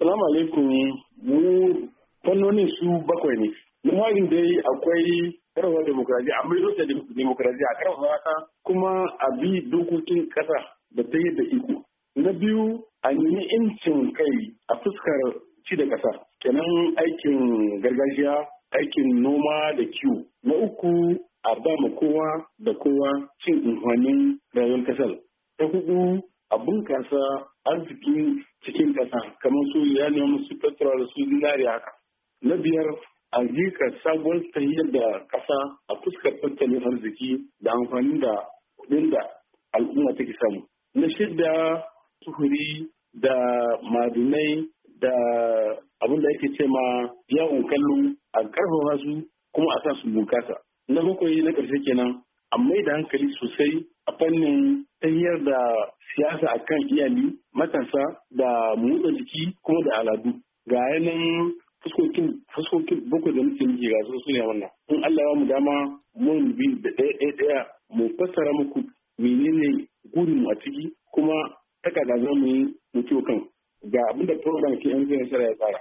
Salamu alaikum mu fannonin su bakwai ne. Lumari dai akwai karfafa demokradiyya a mai da demokradiyya a karfafa ta kuma a bi dokokin kasa da ta yi da iko. Na biyu a nemi incin kai a fuskar ci da kasa kenan aikin gargajiya aikin noma da kiwo. Na uku a ba ma kowa da kowa cin amfanin rayuwar kasar. Ta hudu a bunkasa arzikin musu ya nemi musu da su dinari haka na biyar a ka sabon tahiyar da kasa a fuskar tattalin arziki da amfani da kuɗin da al'umma take samu na shidda tuhuri da madinai da abin da yake ce ma yawon kallo a karfafa su kuma a sa su bunkasa na bakwai na ƙarshe kenan a mai da hankali sosai a fannin tahiyar da siyasa a kan iyali matasa da motsa jiki kuma da aladu ga yanan fuskokin fuskokin bakwai da nufin miki ga su ne wannan in Allah ya mu dama mun bi da ɗaya ɗaya mu fassara muku menene gudun mu a ciki kuma ta za mu yi mutuwa kan ga abinda program ke yan zai ya tsara